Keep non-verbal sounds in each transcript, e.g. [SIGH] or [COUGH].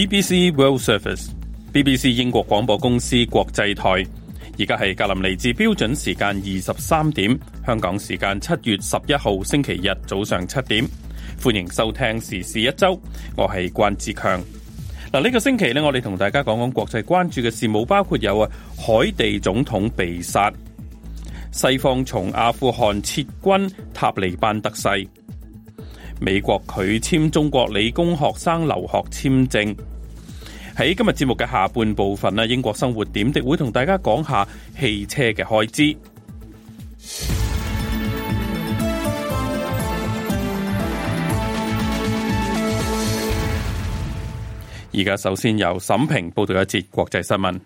BBC World Service，BBC 英國廣播公司國際台。而家係格林尼治標準時間二十三點，香港時間七月十一號星期日早上七點，歡迎收聽時事一周。我係關志強。嗱、啊，呢、這個星期咧，我哋同大家講講國際關注嘅事務，包括有啊，海地總統被殺，西方從阿富汗撤軍，塔利班得勢。美國拒簽中國理工學生留學簽證。喺今日節目嘅下半部分咧，英國生活點滴會同大家講下汽車嘅開支。而家首先由沈平報道一節國際新聞。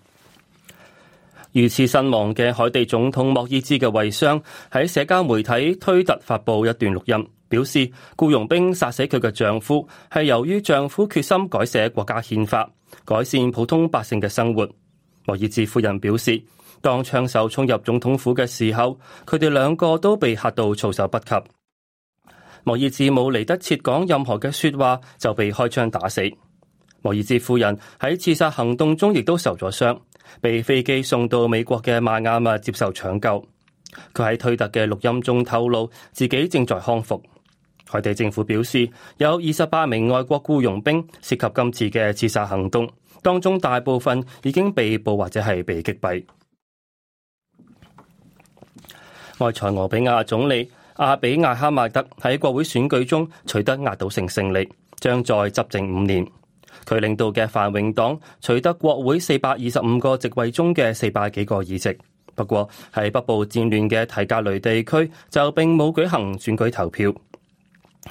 疑似身亡嘅海地總統莫伊茲嘅遺孀喺社交媒體推特發布一段錄音。表示僱傭兵殺死佢嘅丈夫係由於丈夫決心改寫國家憲法，改善普通百姓嘅生活。莫爾茲夫人表示，當槍手衝入總統府嘅時候，佢哋兩個都被嚇到措手不及。莫爾茲冇嚟得切講任何嘅說話，就被開槍打死。莫爾茲夫人喺刺殺行動中亦都受咗傷，被飛機送到美國嘅邁阿密接受搶救。佢喺推特嘅錄音中透露自己正在康復。海地政府表示，有二十八名外國僱傭兵涉及今次嘅刺殺行動，當中大部分已經被捕或者係被擊斃。埃塞俄比亞總理阿比亞哈邁德喺國會選舉中取得壓倒性勝利，將再執政五年。佢領導嘅繁榮黨取得國會四百二十五個席位中嘅四百幾個議席。不過喺北部戰亂嘅提格雷地區就並冇舉行選舉投票。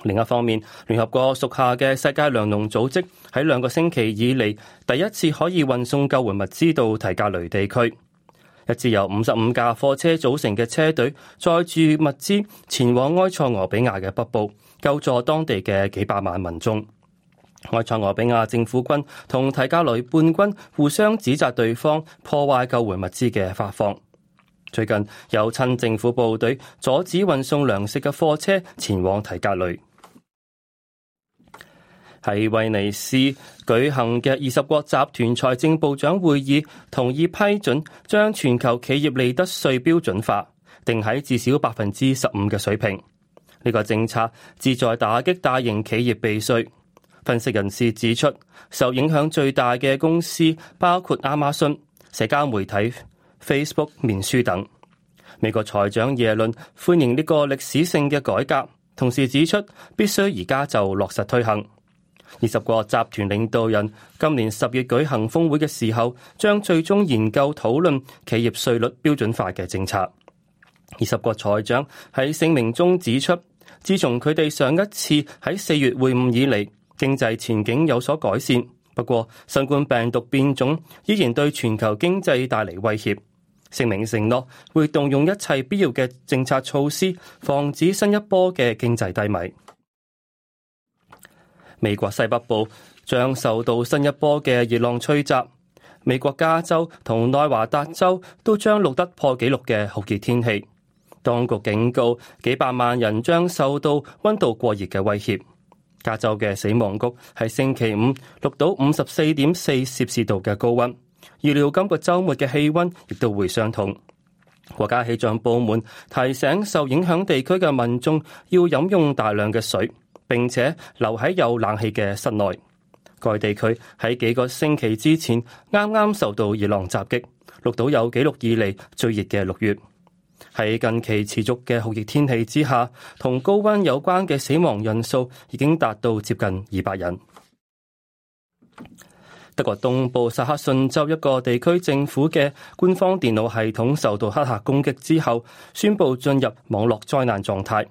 另一方面，聯合國屬下嘅世界糧農組織喺兩個星期以嚟第一次可以運送救援物資到提格雷地區。一支由五十五架貨車組成嘅車隊載住物資前往埃塞俄比亞嘅北部，救助當地嘅幾百萬民眾。埃塞俄比亞政府軍同提格雷叛軍互相指責對方破壞救援物資嘅發放。最近有親政府部隊阻止運送糧食嘅貨車前往提格雷。喺威尼斯舉行嘅二十國集團財政部長會議同意批准將全球企業利得稅標準化定喺至少百分之十五嘅水平。呢個政策旨在打擊大型企業避稅。分析人士指出，受影響最大嘅公司包括亞馬遜、社交媒體。Facebook、面書等，美國財長耶倫歡迎呢個歷史性嘅改革，同時指出必須而家就落實推行。二十國集團領導人今年十月舉行峰會嘅時候，將最終研究討論企業稅率標準化嘅政策。二十國財長喺聲明中指出，自從佢哋上一次喺四月會晤以嚟，經濟前景有所改善，不過新冠病毒變種依然對全球經濟帶嚟威脅。聲明承諾會動用一切必要嘅政策措施，防止新一波嘅經濟低迷。美國西北部將受到新一波嘅熱浪吹襲，美國加州同內華達州都將錄得破紀錄嘅酷熱天氣。當局警告，幾百萬人將受到溫度過熱嘅威脅。加州嘅死亡谷喺星期五錄到五十四點四攝氏度嘅高溫。預料今個周末嘅氣溫亦都會相同。國家氣象部門提醒受影響地區嘅民眾要飲用大量嘅水，並且留喺有冷氣嘅室內。該地區喺幾個星期之前啱啱受到熱浪襲擊，錄到有紀錄以嚟最熱嘅六月。喺近期持續嘅酷熱天氣之下，同高溫有關嘅死亡人數已經達到接近二百人。德國東部薩克遜州一個地區政府嘅官方電腦系統受到黑客攻擊之後，宣布進入網絡災難狀態。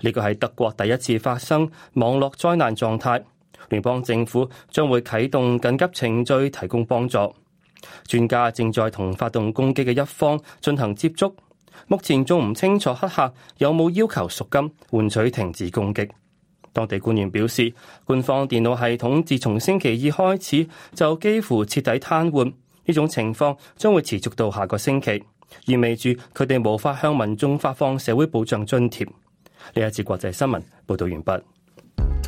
呢個係德國第一次發生網絡災難狀態，聯邦政府將會啟動緊急程序提供幫助。專家正在同發動攻擊嘅一方進行接觸，目前仲唔清楚黑客有冇要求贖金換取停止攻擊。當地官員表示，官方電腦系統自從星期二開始就幾乎徹底癱瘓，呢種情況將會持續到下個星期，意味住佢哋無法向民眾發放社會保障津貼。呢一節國際新聞報道完畢。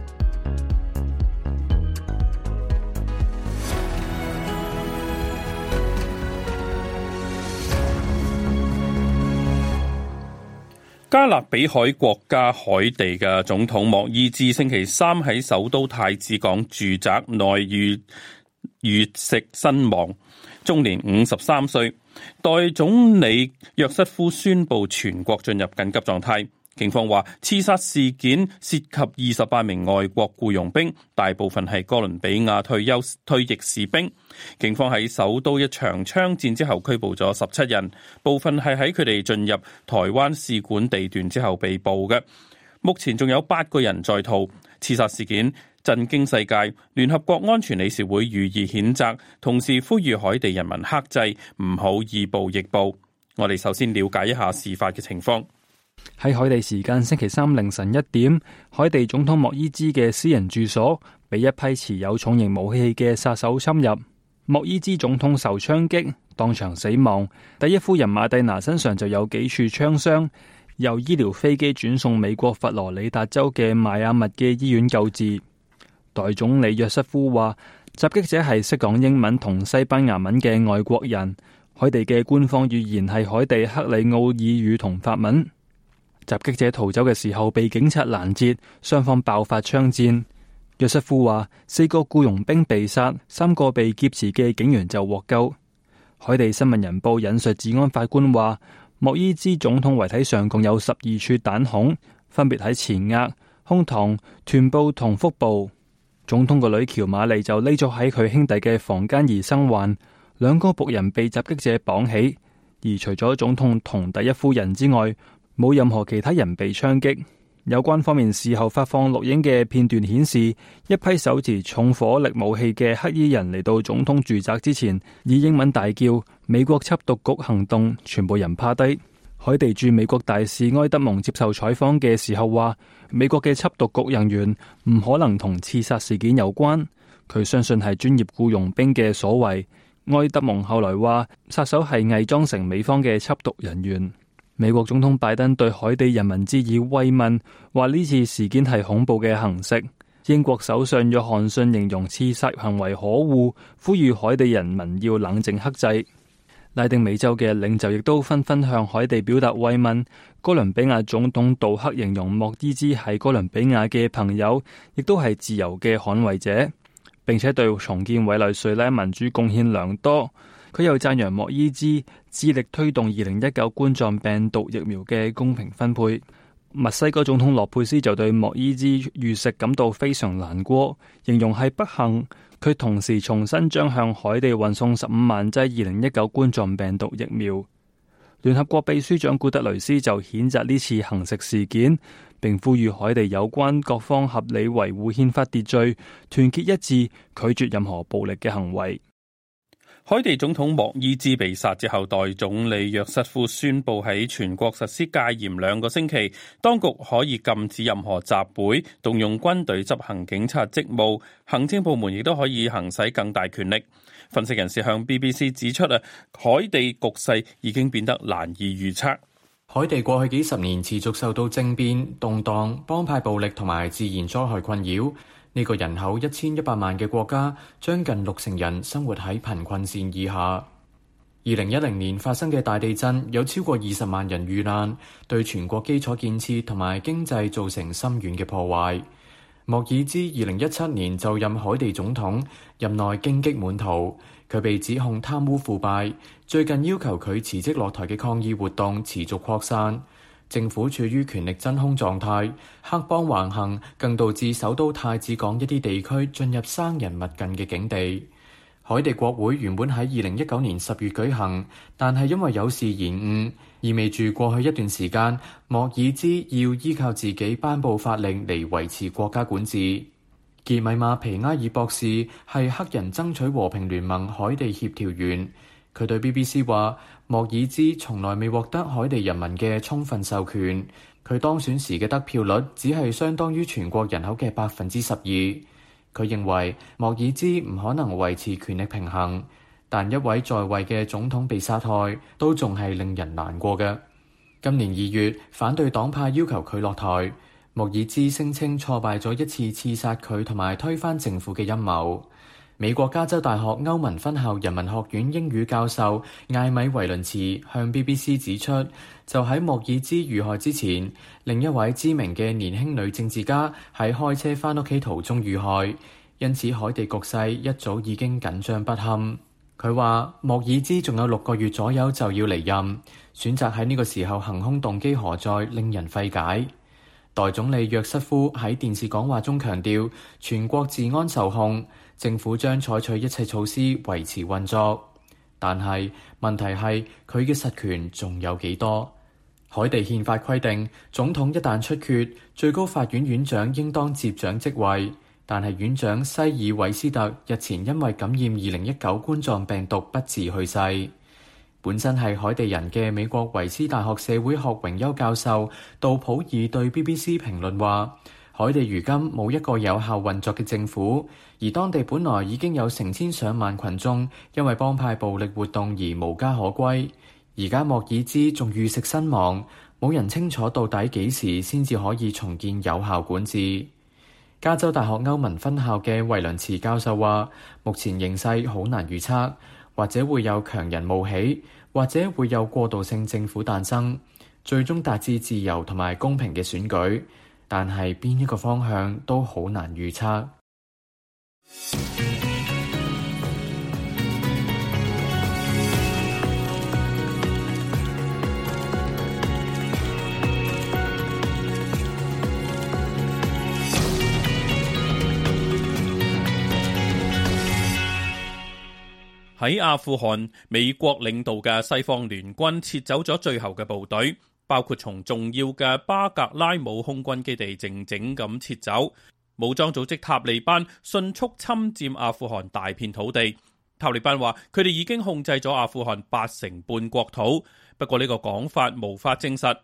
加勒比海國家海地嘅總統莫伊茲星期三喺首都太子港住宅內遇遇襲身亡，終年五十三歲。代總理約瑟夫宣布全國進入緊急狀態。警方話刺殺事件涉及二十八名外國僱傭兵，大部分係哥倫比亞退休退役士兵。警方喺首都一場槍戰之後拘捕咗十七人，部分係喺佢哋進入台灣使館地段之後被捕嘅。目前仲有八個人在逃。刺殺事件震驚世界，聯合國安全理事會予以譴責，同時呼籲海地人民克制，唔好以暴易暴。我哋首先了解一下事發嘅情況。喺海地時間星期三凌晨一點，海地總統莫伊茲嘅私人住所被一批持有重型武器嘅殺手侵入，莫伊茲總統受槍擊當場死亡。第一夫人馬蒂娜身上就有幾處槍傷，由醫療飛機轉送美國佛羅里達州嘅邁阿密嘅醫院救治。代總理約瑟夫話，襲擊者係識講英文同西班牙文嘅外國人。海地嘅官方語言係海地克里奧爾語同法文。襲擊者逃走嘅時候被警察攔截，雙方爆發槍戰。約瑟夫話：四個僱傭兵被殺，三個被劫持嘅警員就獲救。《海地新聞人報》引述治安法官話：莫伊茲總統遺體上共有十二處彈孔，分別喺前額、胸膛、臀部同腹部。總統個女喬瑪莉就匿咗喺佢兄弟嘅房間而生還。兩個僕人被襲擊者綁起，而除咗總統同第一夫人之外。冇任何其他人被槍擊，有關方面事後發放錄影嘅片段顯示，一批手持重火力武器嘅黑衣人嚟到總統住宅之前，以英文大叫：美國緝毒局行動，全部人趴低。海地駐美國大使埃德蒙接受採訪嘅時候話，美國嘅緝毒局人員唔可能同刺殺事件有關，佢相信係專業僱傭兵嘅所為。埃德蒙後來話殺手係偽裝成美方嘅緝毒人員。美國總統拜登對海地人民致以慰問，話呢次事件係恐怖嘅行徑。英國首相約翰遜形容刺殺行為可惡，呼籲海地人民要冷靜克制。拉丁美洲嘅領袖亦都紛紛向海地表達慰問。哥倫比亞總統杜克形容莫伊茲係哥倫比亞嘅朋友，亦都係自由嘅捍衛者，並且對重建委內瑞拉民主貢獻良多。佢又讚揚莫伊茲致力推動二零一九冠狀病毒疫苗嘅公平分配。墨西哥總統洛佩斯就對莫伊茲遇刺感到非常難過，形容係不幸。佢同時重新將向海地運送十五萬劑二零一九冠狀病毒疫苗。聯合國秘書長古特雷斯就譴責呢次行刺事件，並呼籲海地有關各方合理維護憲法秩序，團結一致，拒絕任何暴力嘅行為。海地總統莫伊茲被殺之後，代總理約瑟夫宣布喺全國實施戒嚴兩個星期，當局可以禁止任何集會，動用軍隊執行警察職務，行政部門亦都可以行使更大權力。分析人士向 BBC 指出啊，海地局勢已經變得難以預測。海地過去幾十年持續受到政變、動盪、幫派暴力同埋自然災害困擾。呢個人口一千一百萬嘅國家，將近六成人生活喺貧困線以下。二零一零年發生嘅大地震，有超過二十萬人遇難，對全國基礎建設同埋經濟造成深遠嘅破壞。莫爾茲二零一七年就任海地總統，任內荊棘滿途，佢被指控貪污腐敗。最近要求佢辭職落台嘅抗議活動持續擴散。政府處於權力真空狀態，黑幫橫行，更導致首都太子港一啲地區進入生人勿近嘅境地。海地國會原本喺二零一九年十月舉行，但係因為有事延誤，意味住過去一段時間莫爾茲要依靠自己頒布法令嚟維持國家管治。杰米馬皮埃爾博士係黑人爭取和平聯盟海地協調員。佢對 BBC 話：莫爾茲從來未獲得海地人民嘅充分授權。佢當選時嘅得票率只係相當於全國人口嘅百分之十二。佢認為莫爾茲唔可能維持權力平衡，但一位在位嘅總統被殺害都仲係令人難過嘅。今年二月，反對黨派要求佢落台。莫爾茲聲稱挫敗咗一次刺殺佢同埋推翻政府嘅陰謀。美國加州大學歐文分校人文學院英語教授艾米維倫茨向 BBC 指出，就喺莫爾茲遇害之前，另一位知名嘅年輕女政治家喺開車翻屋企途中遇害，因此海地局勢一早已經緊張不堪。佢話莫爾茲仲有六個月左右就要離任，選擇喺呢個時候行兇，動機何在，令人費解。代總理約瑟夫喺電視講話中強調，全國治安受控。政府將採取一切措施維持運作，但係問題係佢嘅實權仲有幾多？海地憲法規定，總統一旦出缺，最高法院院長應當接掌職位。但係院長西爾維斯特日前因為感染二零一九冠狀病毒不治去世。本身係海地人嘅美國維斯大學社會學榮休教授杜普爾對 BBC 評論話：「海地如今冇一個有效運作嘅政府。」而當地本來已經有成千上萬群眾，因為幫派暴力活動而無家可歸。而家莫爾茲仲遇刺身亡，冇人清楚到底幾時先至可以重建有效管治。加州大學歐文分校嘅維倫茨教授話，目前形勢好難預測，或者會有強人冒起，或者會有過渡性政府誕生，最終達至自由同埋公平嘅選舉，但係邊一個方向都好難預測。喺阿富汗，美國領導嘅西方聯軍撤走咗最後嘅部隊，包括從重要嘅巴格拉姆空軍基地靜靜咁撤走。武裝組織塔利班迅速侵占阿富汗大片土地。塔利班話佢哋已經控制咗阿富汗八成半國土，不過呢個講法無法證實。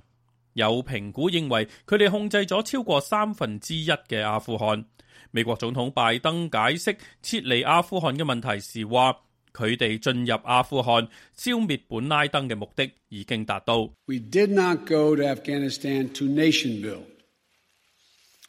有評估認為佢哋控制咗超過三分之一嘅阿富汗。美國總統拜登解釋撤離阿富汗嘅問題時話：佢哋進入阿富汗消滅本拉登嘅目的已經達到。We did not go to Afghanistan to nation build.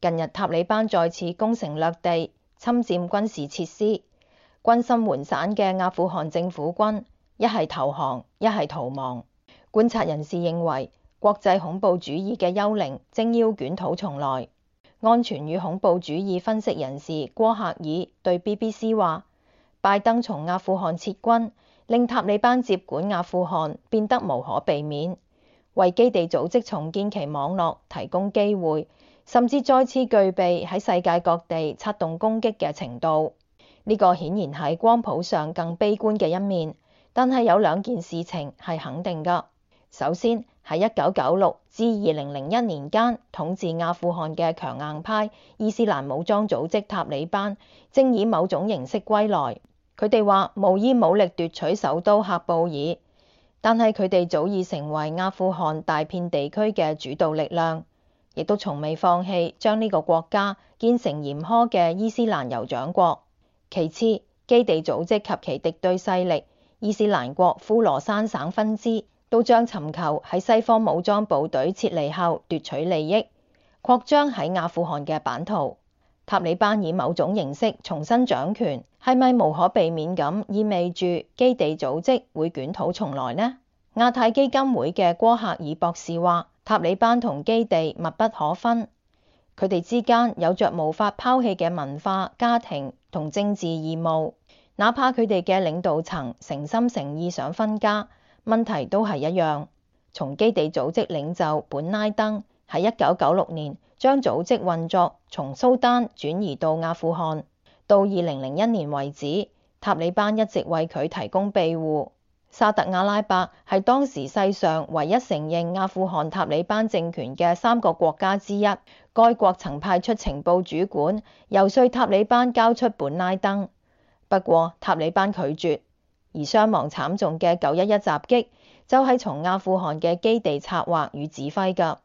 近日塔利班再次攻城略地，侵占軍事設施，軍心渙散嘅阿富汗政府軍一係投降，一係逃亡。觀察人士認為，國際恐怖主義嘅幽靈正要捲土重來。安全與恐怖主義分析人士郭克爾對 BBC 話，拜登從阿富汗撤軍，令塔利班接管阿富汗變得無可避免，為基地組織重建其網絡提供機會。甚至再次具備喺世界各地策動攻擊嘅程度，呢、這個顯然喺光譜上更悲觀嘅一面。但係有兩件事情係肯定噶，首先喺一九九六至二零零一年間，統治阿富汗嘅強硬派伊斯蘭武裝組織塔利班正以某種形式歸來。佢哋話無意武力奪取首都喀布爾，但係佢哋早已成為阿富汗大片地區嘅主導力量。亦都從未放棄將呢個國家建成嚴苛嘅伊斯蘭酋長國。其次，基地組織及其敵對勢力伊斯蘭國呼羅珊省分支都將尋求喺西方武裝部隊撤離後奪取利益，擴張喺阿富汗嘅版圖。塔利班以某種形式重新掌權，係咪無可避免咁意味住基地組織會捲土重來呢？亞太基金會嘅郭克爾博士話。塔利班同基地密不可分，佢哋之間有着無法拋棄嘅文化、家庭同政治義務。哪怕佢哋嘅領導層誠心誠意想分家，問題都係一樣。從基地組織領袖本拉登喺一九九六年將組織運作從蘇丹轉移到阿富汗，到二零零一年為止，塔利班一直為佢提供庇護。沙特阿拉伯係當時世上唯一承認阿富汗塔利班政權嘅三個國家之一。該國曾派出情報主管遊說塔利班交出本拉登，不過塔利班拒絕，而傷亡慘重嘅九一一襲擊就係從阿富汗嘅基地策劃與指揮噶。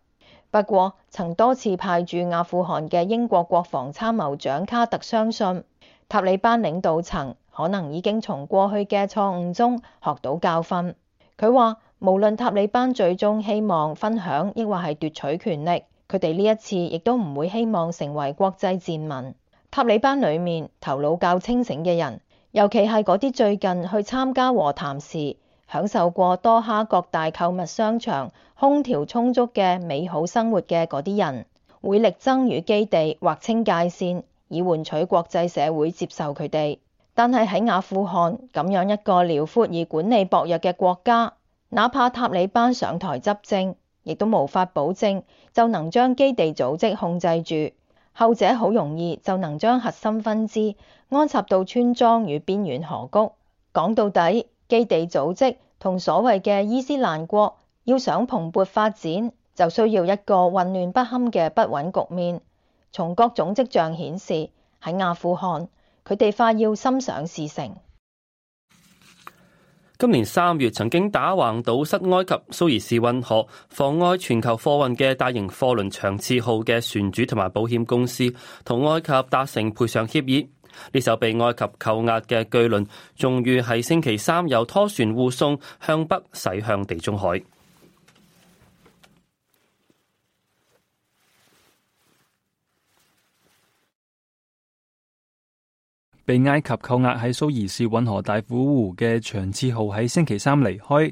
不過曾多次派駐阿富汗嘅英國國防參謀長卡特相信塔利班領導層。可能已經從過去嘅錯誤中學到教訓。佢話：無論塔利班最終希望分享，抑或係奪取權力，佢哋呢一次亦都唔會希望成為國際賤民。塔利班裡面頭腦較清醒嘅人，尤其係嗰啲最近去參加和談時享受過多哈各大購物商場、空調充足嘅美好生活嘅嗰啲人，會力爭與基地劃清界線，以換取國際社會接受佢哋。但係喺阿富汗咁樣一個遼闊而管理薄弱嘅國家，哪怕塔利班上台執政，亦都無法保證就能將基地組織控制住。後者好容易就能將核心分支安插到村莊與邊緣河谷。講到底，基地組織同所謂嘅伊斯蘭國要想蓬勃發展，就需要一個混亂不堪嘅不穩局面。從各種跡象顯示，喺阿富汗，佢哋快要心想事成。今年三月，曾經打橫堵塞埃及蘇伊士運河，妨礙全球貨運嘅大型貨輪長賜號嘅船主同埋保險公司，同埃及達成賠償協議。呢艘被埃及扣押嘅巨輪，終於係星期三由拖船護送向北駛向地中海。被埃及扣押喺蘇伊士運河大虎湖嘅長賜號喺星期三離開，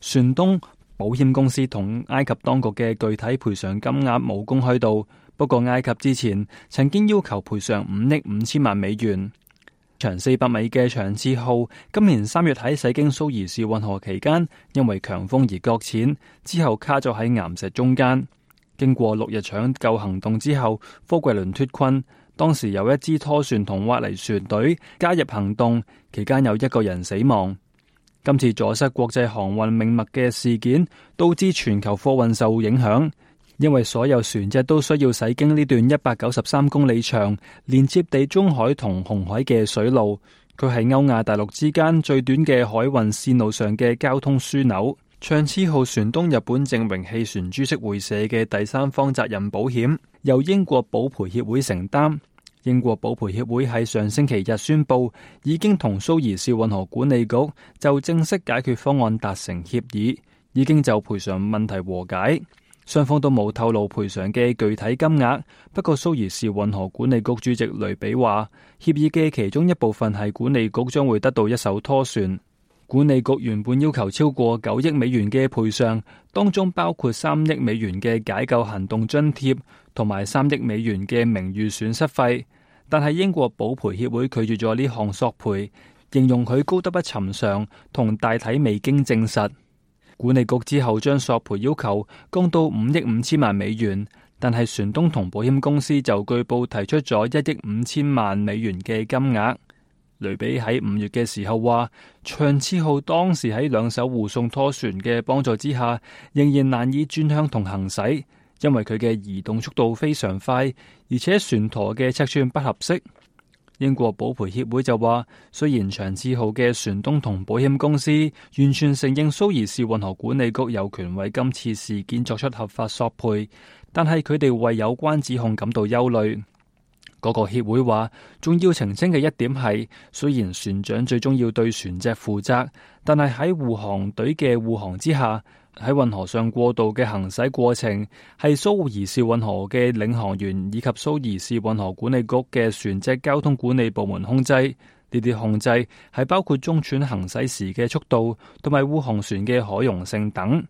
船東保險公司同埃及當局嘅具體賠償金額冇公開到。不過埃及之前曾經要求賠償五億五千萬美元。長四百米嘅長賜號今年三月喺駛經蘇伊士運河期間，因為強風而擱淺，之後卡咗喺岩石中間。經過六日搶救行動之後，貨櫃輪脫困。當時有一支拖船同挖泥船隊加入行動，期間有一個人死亡。今次阻塞國際航運命脈嘅事件，導致全球貨運受影響，因為所有船隻都需要駛經呢段一百九十三公里長、連接地中海同紅海嘅水路。佢係歐亞大陸之間最短嘅海運線路上嘅交通樞紐。長賜號船東日本正榮汽船株式會社嘅第三方責任保險，由英國保賠協會承擔。英國保賠協會喺上星期日宣佈，已經同蘇伊士運河管理局就正式解決方案達成協議，已經就賠償問題和解。雙方都冇透露賠償嘅具體金額。不過，蘇伊士運河管理局主席雷比話，協議嘅其中一部分係管理局將會得到一手拖船。管理局原本要求超過九億美元嘅賠償，當中包括三億美元嘅解救行動津貼，同埋三億美元嘅名譽損失費，但係英國保賠協會拒絕咗呢項索賠，形容佢高得不尋常同大體未經證實。管理局之後將索賠要求降到五億五千萬美元，但係船東同保險公司就據報提出咗一億五千萬美元嘅金額。雷比喺五月嘅時候話，長賜號當時喺兩艘護送拖船嘅幫助之下，仍然難以轉向同行駛。因為佢嘅移動速度非常快，而且船舵嘅尺寸不合適。英國保賠協會就話，雖然長治號嘅船東同保險公司完全承認蘇伊士運河管理局有權為今次事件作出合法索賠，但係佢哋為有關指控感到憂慮。嗰、那個協會話，仲要澄清嘅一點係，雖然船長最終要對船隻負責，但係喺護航隊嘅護航之下。喺運河上過渡嘅行駛過程，係蘇伊士運河嘅領航員以及蘇伊士運河管理局嘅船隻交通管理部門控制。呢啲控制係包括中轉行駛時嘅速度同埋護航船嘅可用性等。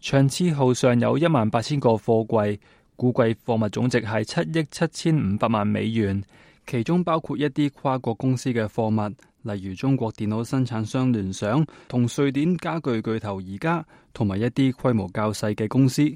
長賜號上有一萬八千個貨櫃，估計貨物總值係七億七千五百萬美元，其中包括一啲跨國公司嘅貨物。例如中國電腦生產商聯想，同瑞典家具巨頭宜家，同埋一啲規模較細嘅公司。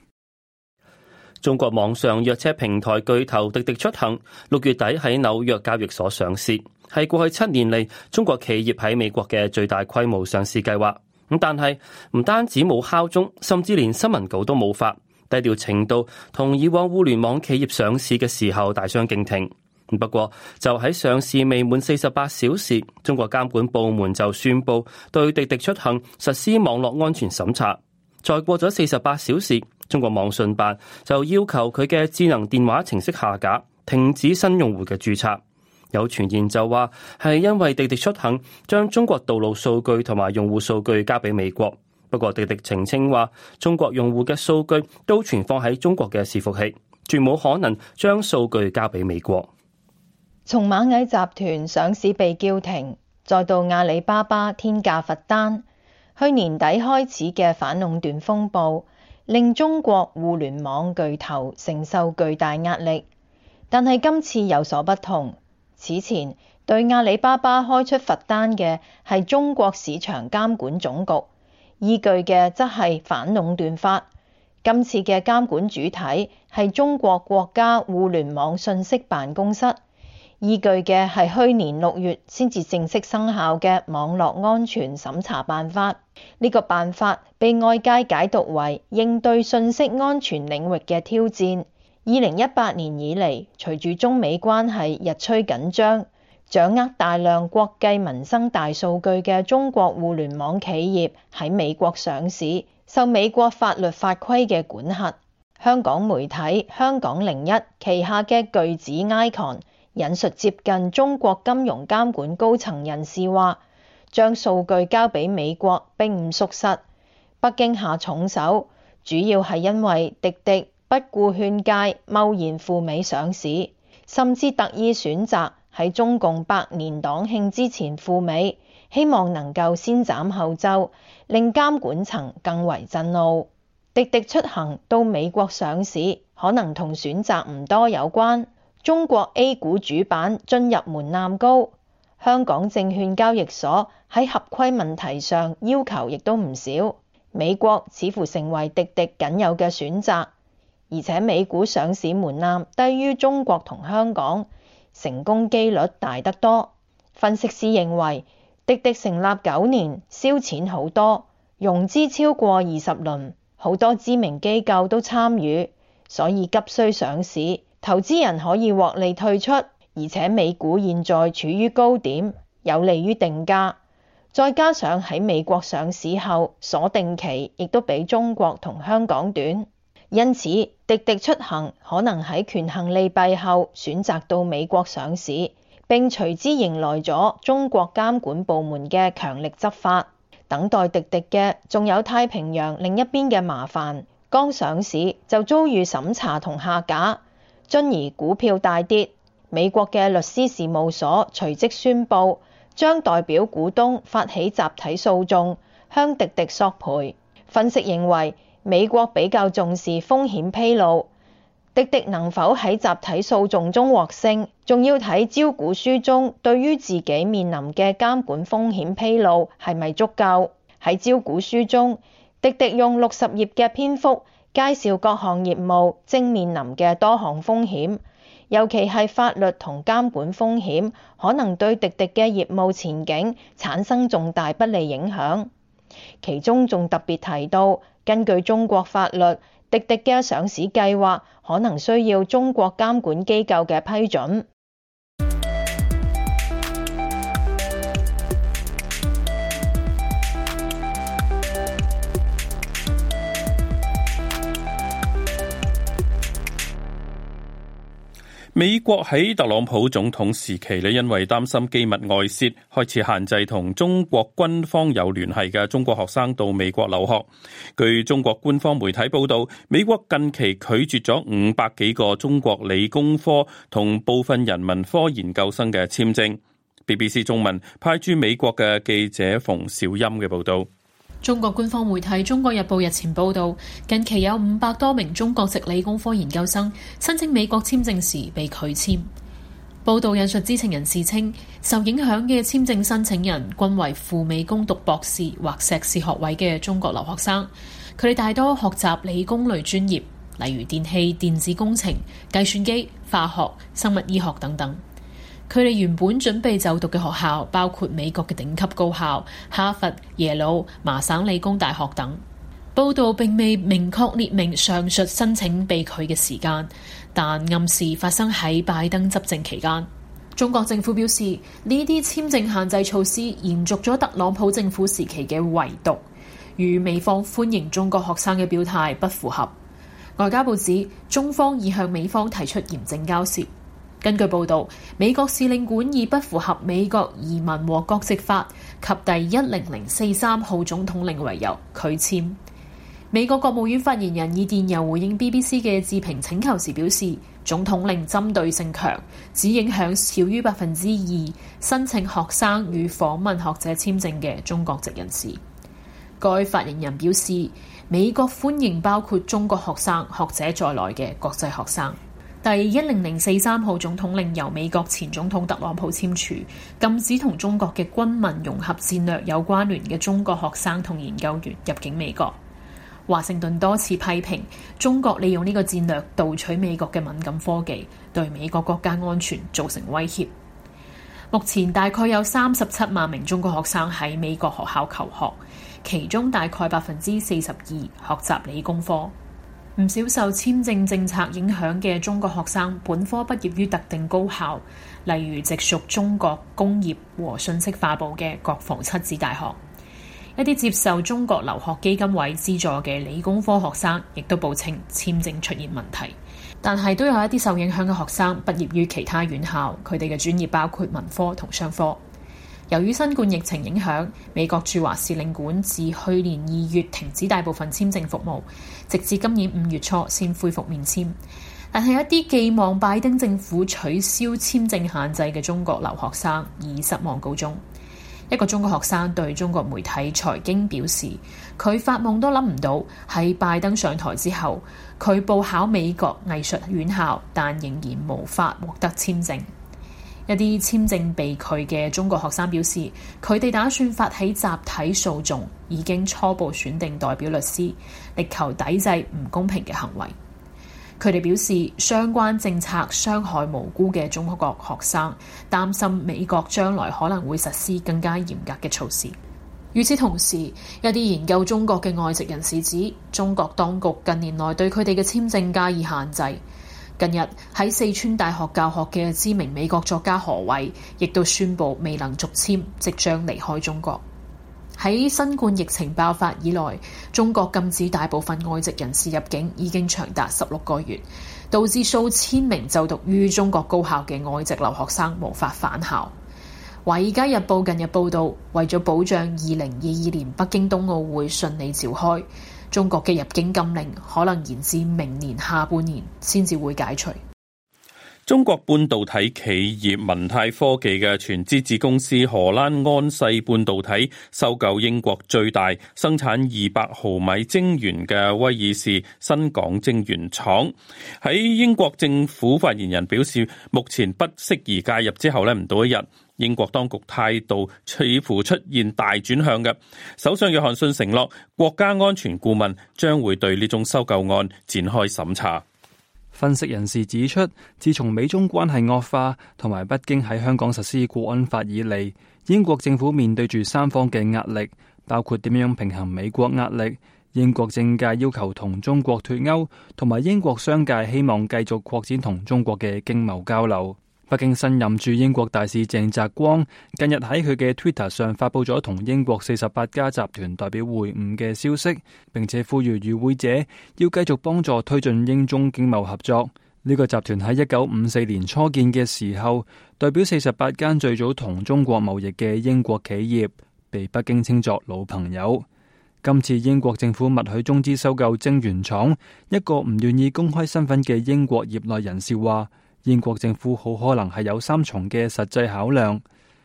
中國網上約車平台巨頭滴滴出行，六月底喺紐約交易所上市，係過去七年嚟，中國企業喺美國嘅最大規模上市計劃。咁但係唔單止冇敲鐘，甚至連新聞稿都冇發，低調程度同以往互聯網企業上市嘅時候大相徑庭。不過，就喺上市未滿四十八小時，中國監管部門就宣布對滴滴出行實施網絡安全審查。再過咗四十八小時，中國網信辦就要求佢嘅智能電話程式下架，停止新用戶嘅註冊。有傳言就話係因為滴滴出行將中國道路數據同埋用戶數據交俾美國。不過，滴滴澄清話，中國用戶嘅數據都存放喺中國嘅伺服器，絕冇可能將數據交俾美國。從螞蟻集團上市被叫停，再到阿里巴巴天價罰單，去年底開始嘅反壟斷風暴，令中國互聯網巨頭承受巨大壓力。但係今次有所不同，此前對阿里巴巴開出罰單嘅係中國市場監管總局，依據嘅則係反壟斷法。今次嘅監管主體係中國國家互聯網信息辦公室。依據嘅係去年六月先至正式生效嘅網絡安全審查辦法，呢、這個辦法被外界解讀為應對信息安全領域嘅挑戰。二零一八年以嚟，隨住中美關係日趨緊張，掌握大量國際民生大數據嘅中國互聯網企業喺美國上市，受美國法律法規嘅管轄。香港媒體《香港零一》旗下嘅巨子 Icon。引述接近中國金融監管高層人士話，將數據交俾美國並唔屬實。北京下重手，主要係因為滴滴不顧勸誡，貿然赴美上市，甚至特意選擇喺中共百年黨慶之前赴美，希望能夠先斬後奏，令監管層更為震怒。滴滴出行到美國上市，可能同選擇唔多有關。中國 A 股主板進入門檻高，香港證券交易所喺合規問題上要求亦都唔少，美國似乎成為滴滴僅有嘅選擇，而且美股上市門檻低於中國同香港，成功機率大得多。分析師認為，滴滴成立九年燒錢好多，融資超過二十輪，好多知名機構都參與，所以急需上市。投資人可以獲利退出，而且美股現在處於高點，有利於定價。再加上喺美國上市後鎖定期亦都比中國同香港短，因此滴滴出行可能喺權衡利弊後選擇到美國上市，並隨之迎來咗中國監管部門嘅強力執法。等待滴滴嘅仲有太平洋另一邊嘅麻煩，剛上市就遭遇審查同下架。進而股票大跌，美國嘅律師事務所隨即宣布，將代表股東發起集體訴訟，向滴滴索賠。分析認為，美國比較重視風險披露，滴滴能否喺集體訴訟中獲勝，仲要睇招股書中對於自己面臨嘅監管風險披露係咪足夠。喺招股書中，滴滴用六十頁嘅篇幅。介紹各項業務正面臨嘅多項風險，尤其係法律同監管風險，可能對滴滴嘅業務前景產生重大不利影響。其中仲特別提到，根據中國法律，滴滴嘅上市計劃可能需要中國監管機構嘅批准。美國喺特朗普總統時期咧，因為擔心機密外泄，開始限制同中國軍方有聯繫嘅中國學生到美國留學。據中國官方媒體報道，美國近期拒絕咗五百幾個中國理工科同部分人文科研究生嘅簽證。BBC 中文派駐美國嘅記者馮兆音嘅報道。中國官方媒體《中國日報》日前報道，近期有五百多名中國籍理工科研究生申請美國簽證時被拒簽。報道引述知情人士稱，受影響嘅簽證申請人均為赴美攻讀博士或碩士學位嘅中國留學生。佢哋大多學習理工類專業，例如電氣、電子工程、計算機、化學、生物醫學等等。佢哋原本準備就讀嘅學校，包括美國嘅頂級高校哈佛、耶魯、麻省理工大學等。報道並未明確列明上述申請被拒嘅時間，但暗示發生喺拜登執政期間。中國政府表示，呢啲簽證限制措施延續咗特朗普政府時期嘅圍堵，與美方歡迎中國學生嘅表態不符合。外交部指，中方已向美方提出嚴正交涉。根據報導，美國使領館以不符合美國移民和國籍法及第一零零四三號總統令為由拒簽。美國國務院發言人以電郵回應 BBC 嘅置評請求時表示，總統令針對性強，只影響少於百分之二申請學生與訪問學者簽證嘅中國籍人士。該發言人表示，美國歡迎包括中國學生、學者在內嘅國際學生。第一零零四三號總統令由美國前總統特朗普簽署，禁止同中國嘅軍民融合戰略有關聯嘅中國學生同研究員入境美國。華盛頓多次批評中國利用呢個戰略盜取美國嘅敏感科技，對美國國家安全造成威脅。目前大概有三十七萬名中國學生喺美國學校求學，其中大概百分之四十二學習理工科。唔少受簽證政策影響嘅中國學生，本科畢業於特定高校，例如直屬中國工業和信息化部嘅國防七子大學。一啲接受中國留學基金委資助嘅理工科學生，亦都報稱簽證出現問題。但係都有一啲受影響嘅學生畢業於其他院校，佢哋嘅專業包括文科同商科。由於新冠疫情影響，美國駐華使領館自去年二月停止大部分簽證服務，直至今年五月初先恢復面簽。但係一啲寄望拜登政府取消簽證限制嘅中國留學生，以失望告終。一個中國學生對中國媒體財經表示，佢發夢都諗唔到喺拜登上台之後，佢報考美國藝術院校，但仍然無法獲得簽證。一啲簽證被拒嘅中國學生表示，佢哋打算發起集體訴訟，已經初步選定代表律師，力求抵制唔公平嘅行為。佢哋表示，相關政策傷害無辜嘅中國學生，擔心美國將來可能會實施更加嚴格嘅措施。與此同時，一啲研究中國嘅外籍人士指，中國當局近年來對佢哋嘅簽證加以限制。近日喺四川大學教學嘅知名美國作家何偉，亦都宣布未能續簽，即將離開中國。喺新冠疫情爆發以來，中國禁止大部分外籍人士入境已經長達十六個月，導致數千名就讀於中國高校嘅外籍留學生無法返校。《華爾街日報》近日報導，為咗保障二零二二年北京冬奧會順利召開，中國嘅入境禁令可能延至明年下半年先至會解除。中國半導體企業聞泰科技嘅全資子公司荷蘭安世半導體收購英國最大生產二百毫米晶圓嘅威爾士新港晶圓廠，喺英國政府發言人表示目前不適宜介入之後呢，唔到一日。英國當局態度似乎出現大轉向嘅，首相約翰遜承諾，國家安全顧問將會對呢宗收購案展開審查。分析人士指出，自從美中關係惡化同埋北京喺香港實施國安法以嚟，英國政府面對住三方嘅壓力，包括點樣平衡美國壓力、英國政界要求同中國脫鈎，同埋英國商界希望繼續擴展同中國嘅經貿交流。北京新任駐英國大使鄭澤光近日喺佢嘅 Twitter 上發布咗同英國四十八家集團代表會晤嘅消息，並且呼籲與會者要繼續幫助推進英中經貿合作。呢、這個集團喺一九五四年初建嘅時候，代表四十八間最早同中國貿易嘅英國企業，被北京稱作老朋友。今次英國政府默許中資收購晶圓廠，一個唔願意公開身份嘅英國業內人士話。英國政府好可能係有三重嘅實際考量。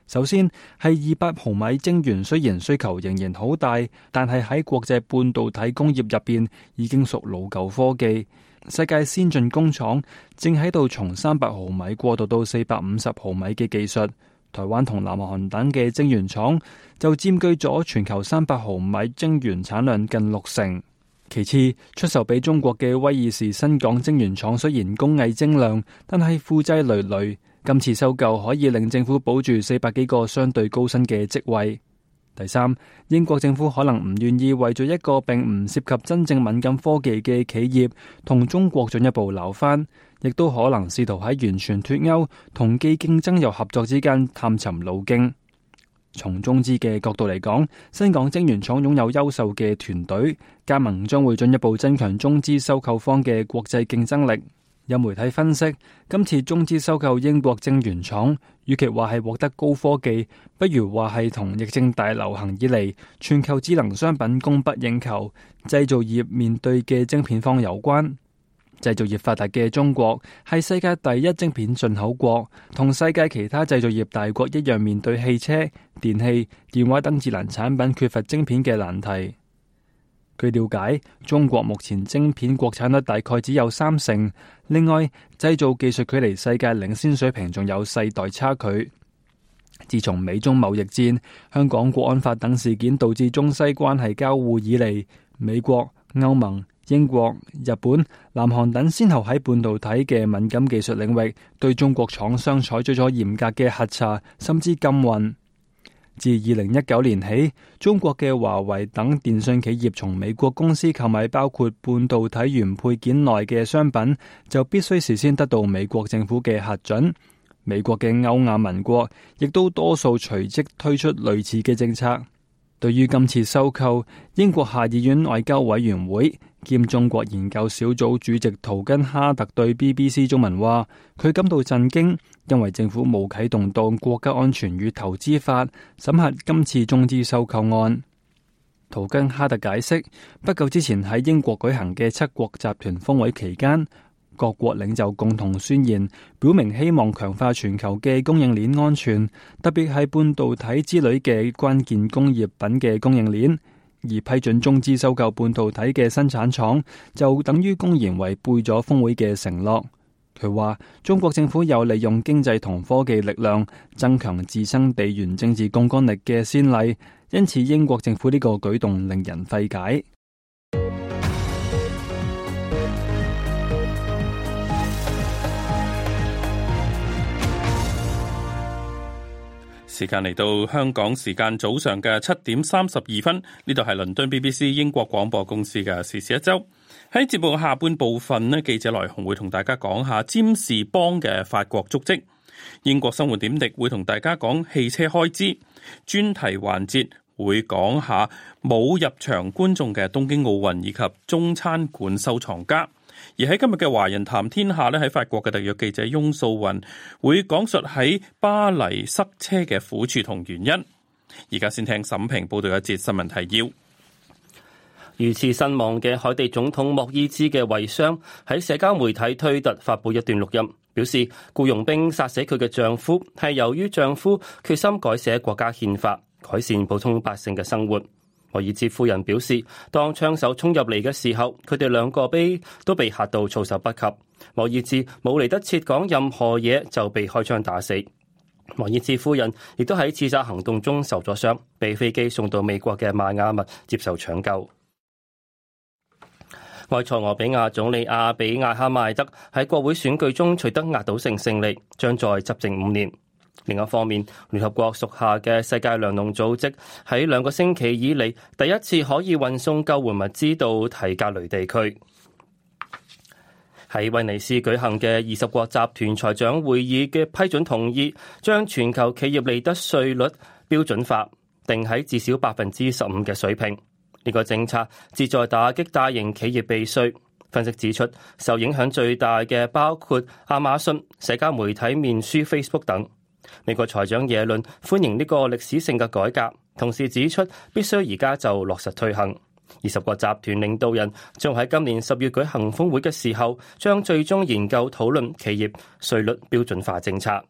首先係二百毫米晶圓，雖然需求仍然好大，但係喺國際半導體工業入邊已經屬老舊科技。世界先進工廠正喺度從三百毫米過渡到四百五十毫米嘅技術。台灣同南韓等嘅晶圓廠就佔據咗全球三百毫米晶圓產量近六成。其次，出售俾中國嘅威爾士新港晶圓廠雖然工藝精良，但係負債累累。今次收購可以令政府保住四百幾個相對高薪嘅職位。第三，英國政府可能唔願意為咗一個並唔涉及真正敏感科技嘅企業同中國進一步留翻，亦都可能試圖喺完全脫歐同既競爭又合作之間探尋路徑。從中資嘅角度嚟講，新港晶圓廠擁有優秀嘅團隊，加盟將會進一步增強中資收購方嘅國際競爭力。有媒體分析，今次中資收購英國晶圓廠，與其話係獲得高科技，不如話係同疫症大流行以嚟全球智能商品供不應求，製造業面對嘅晶片荒有關。製造業發達嘅中國係世界第一晶片進口國，同世界其他製造業大國一樣，面對汽車、電器、電話等智能產品缺乏晶片嘅難題。據了解，中國目前晶片國產率大概只有三成，另外製造技術距離世界領先水平仲有世代差距。自從美中貿易戰、香港國安法等事件導致中西關係交互以嚟，美國、歐盟、英國、日本、南韓等先後喺半導體嘅敏感技術領域對中國廠商採取咗嚴格嘅核查，甚至禁運。自二零一九年起，中國嘅華為等電信企業從美國公司購買包括半導體原配件內嘅商品，就必須事先得到美國政府嘅核准。美國嘅歐亞盟國亦都多數隨即推出類似嘅政策。對於今次收購，英國下議院外交委員會兼中國研究小組主席圖根哈特對 BBC 中文話，佢感到震驚，因為政府冇啟動當國家安全與投資法審核今次中資收購案。圖根哈特解釋，不久之前喺英國舉行嘅七國集團峰會期間，各國領袖共同宣言，表明希望強化全球嘅供應鏈安全，特別係半導體之類嘅關鍵工業品嘅供應鏈。而批准中資收購半導體嘅生產廠，就等於公然違背咗峰會嘅承諾。佢話，中國政府有利用經濟同科技力量增強自身地緣政治槓桿力嘅先例，因此英國政府呢個舉動令人費解。時間嚟到香港時間早上嘅七點三十二分，呢度係倫敦 BBC 英國廣播公司嘅時事一周。喺節目下半部分咧，記者來鴻會同大家講下占士邦嘅法國足跡，英國生活點滴會同大家講汽車開支。專題環節會講下冇入場觀眾嘅東京奧運以及中餐館收藏家。而喺今日嘅《華人談天下》咧，喺法國嘅特約記者翁素雲會講述喺巴黎塞車嘅苦處同原因。而家先聽沈平報道一節新聞提要。遇刺身亡嘅海地總統莫伊茲嘅遺孀喺社交媒體推特發佈一段錄音，表示僱傭兵殺死佢嘅丈夫係由於丈夫決心改寫國家憲法，改善普通百姓嘅生活。莫爾茲夫人表示，當槍手衝入嚟嘅時候，佢哋兩個被都被嚇到措手不及。莫爾茲冇嚟得切講任何嘢，就被開槍打死。莫爾茲夫人亦都喺刺殺行動中受咗傷，被飛機送到美國嘅邁阿密接受搶救。埃塞俄比亞總理阿比亞哈邁德喺國會選舉中取得壓倒性勝利，將在執政五年。另一方面，聯合國屬下嘅世界糧農組織喺兩個星期以嚟第一次可以運送救援物資到提格雷地區。喺威尼斯舉行嘅二十國集團財長會議嘅批准同意，將全球企業利得稅率標準化定喺至少百分之十五嘅水平。呢、這個政策旨在打擊大型企業避稅。分析指出，受影響最大嘅包括亞馬遜、社交媒體面書 Facebook 等。美國財長耶倫歡迎呢個歷史性嘅改革，同時指出必須而家就落實推行。二十國集團領導人將喺今年十月舉行峰會嘅時候，將最終研究討論企業稅率標準化政策。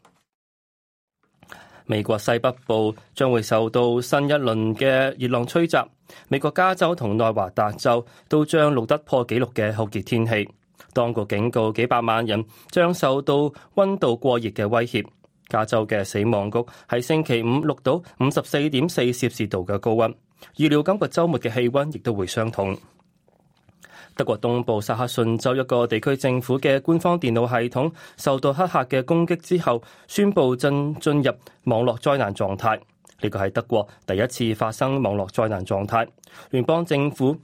美國西北部將會受到新一輪嘅熱浪吹襲，美國加州同內華達州都將錄得破紀錄嘅酷熱天氣。當局警告幾百萬人將受到温度過熱嘅威脅。加州嘅死亡谷喺星期五錄到五十四點四攝氏度嘅高温，預料今個周末嘅氣溫亦都會相同。德國東部薩克遜州一個地區政府嘅官方電腦系統受到黑客嘅攻擊之後，宣佈進進入網絡災難狀態。呢個係德國第一次發生網絡災難狀態。聯邦政府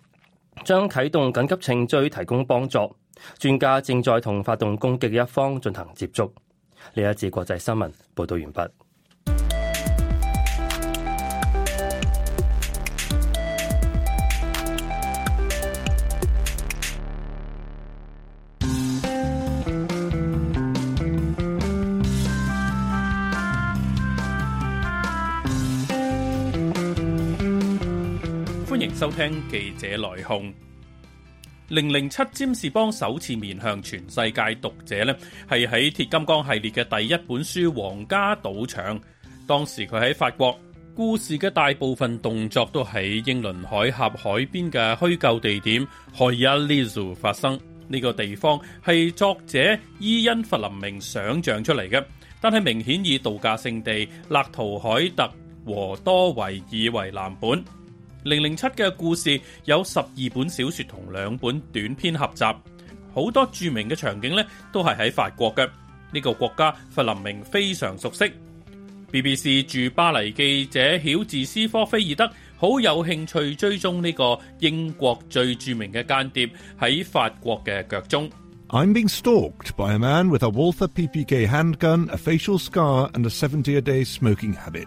將啟動緊急程序提供幫助，專家正在同發動攻擊嘅一方進行接觸。呢一次國際新聞報道完畢。歡迎收聽記者來鴻。零零七占士邦首次面向全世界讀者，呢係喺《鐵金剛》系列嘅第一本書《皇家賭場》。當時佢喺法國，故事嘅大部分動作都喺英倫海峽海邊嘅虛構地點 Caylizou 發生。呢、這個地方係作者伊恩弗林明想象出嚟嘅，但係明顯以度假勝地勒圖海特和多維爾為藍本。《零零七》嘅故事有十二本小說同兩本短篇合集，好多著名嘅場景咧都係喺法國嘅，呢個國家，弗林明非常熟悉。BBC 駐巴黎記者曉治斯科菲爾德好有興趣追蹤呢個英國最著名嘅間諜喺法國嘅腳中。I'm being stalked by a man with a Walther PPK handgun, a facial scar, and a 70 a day smoking habit.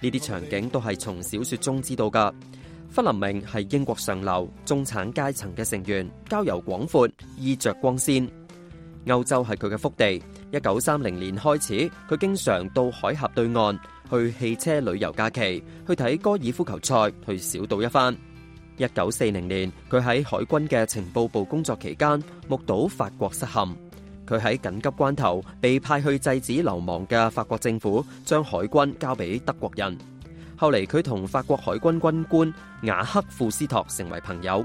呢啲場景都係從小說中知道噶。弗林明係英國上流中產階層嘅成員，交遊廣闊，衣着光鮮。歐洲係佢嘅福地。一九三零年開始，佢經常到海峽對岸去汽車旅遊假期，去睇高爾夫球賽，去小賭一番。一九四零年，佢喺海軍嘅情報部工作期間，目睹法國失陷。佢喺緊急關頭被派去制止流亡嘅法國政府，將海軍交俾德國人。後嚟佢同法國海軍軍官雅克·庫斯托成為朋友。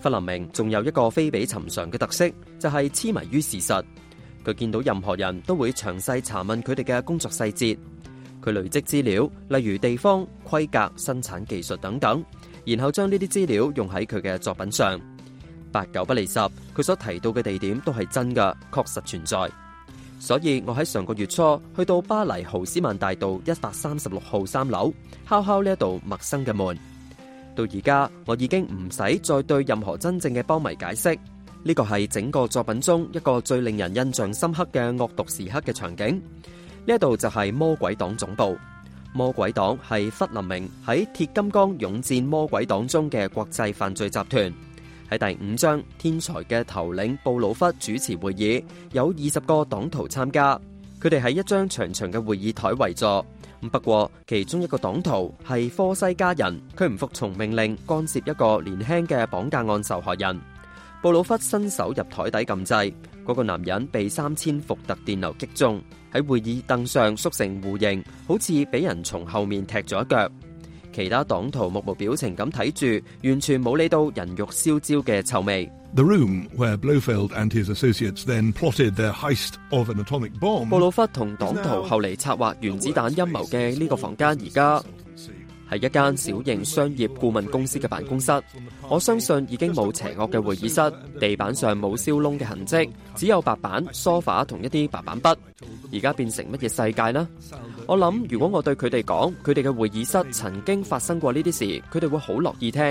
弗林明仲有一個非比尋常嘅特色，就係痴迷於事實。佢見到任何人都會詳細查問佢哋嘅工作細節。佢累積資料，例如地方、規格、生產技術等等，然後將呢啲資料用喺佢嘅作品上。八九不離十，佢所提到嘅地點都係真㗎，確實存在。所以我喺上個月初去到巴黎豪斯曼大道一百三十六號三樓，敲敲呢一度陌生嘅門。到而家我已經唔使再對任何真正嘅邦迷解釋，呢個係整個作品中一個最令人印象深刻嘅惡毒時刻嘅場景。呢一度就係魔鬼黨總部。魔鬼黨係弗林明喺鐵金剛勇戰魔鬼黨中嘅國際犯罪集團。喺第五章，天才嘅頭領布魯弗主持會議，有二十個黨徒參加。佢哋喺一張長長嘅會議檯圍坐。不過，其中一個黨徒係科西嘉人，佢唔服從命令，干涉一個年輕嘅綁架案受害人。布魯弗伸手入檯底撳掣，嗰個男人被三千伏特電流擊中，喺會議凳上縮成弧形，好似俾人從後面踢咗一腳。其他黨徒目無表情咁睇住，完全冇理到人肉燒焦嘅臭味。Bomb, 布魯弗同黨徒後嚟策劃原子彈陰謀嘅呢個房間，而家係一間小型商業顧問公司嘅辦公室。我相信已經冇邪惡嘅會議室，地板上冇燒窿嘅痕跡，只有白板、梳化同一啲白板筆。而家變成乜嘢世界呢？我諗如果我對佢哋講，佢哋嘅會議室曾經發生過呢啲事，佢哋會好樂意聽。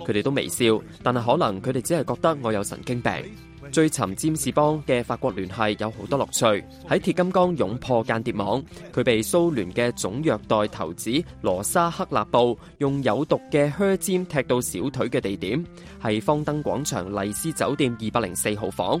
佢哋都微笑，但係可能佢哋只係覺得我有神經病。追尋占士邦嘅法國聯繫有好多樂趣。喺鐵金剛勇破間諜網，佢被蘇聯嘅總藥袋頭子羅沙克納布用有毒嘅靴尖踢到小腿嘅地點，係方登廣場麗思酒店二百零四號房。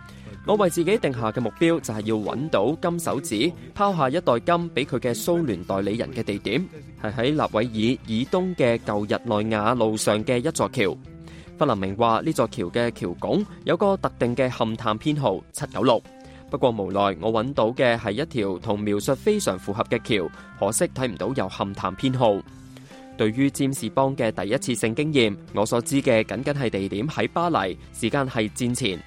我為自己定下嘅目標就係要揾到金手指，拋下一袋金俾佢嘅蘇聯代理人嘅地點，係喺納維爾以東嘅舊日內瓦路上嘅一座橋。弗林明話呢座橋嘅橋拱有個特定嘅勘探編號七九六，不過無奈我揾到嘅係一條同描述非常符合嘅橋，可惜睇唔到有勘探編號。對於占士邦嘅第一次性經驗，我所知嘅僅僅係地點喺巴黎，時間係戰前。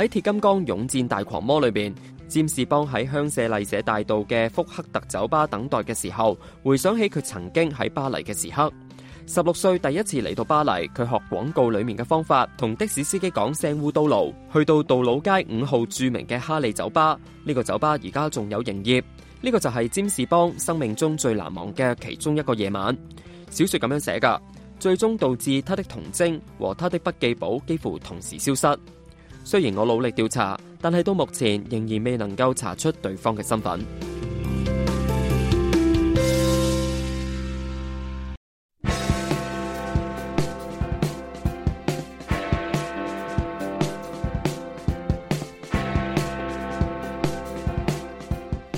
喺《鐵金剛勇戰大狂魔》裡面裡邊，占士邦喺香榭麗舍大道嘅福克特酒吧等待嘅時候，回想起佢曾經喺巴黎嘅時刻。十六歲第一次嚟到巴黎，佢學廣告裡面嘅方法，同的士司機講聖烏都路，去到杜老街五號著名嘅哈利酒吧。呢、這個酒吧而家仲有營業。呢、這個就係占士邦生命中最難忘嘅其中一個夜晚。小說咁樣寫噶，最終導致他的童貞和他的筆記簿幾乎同時消失。雖然我努力調查，但係到目前仍然未能夠查出對方嘅身份。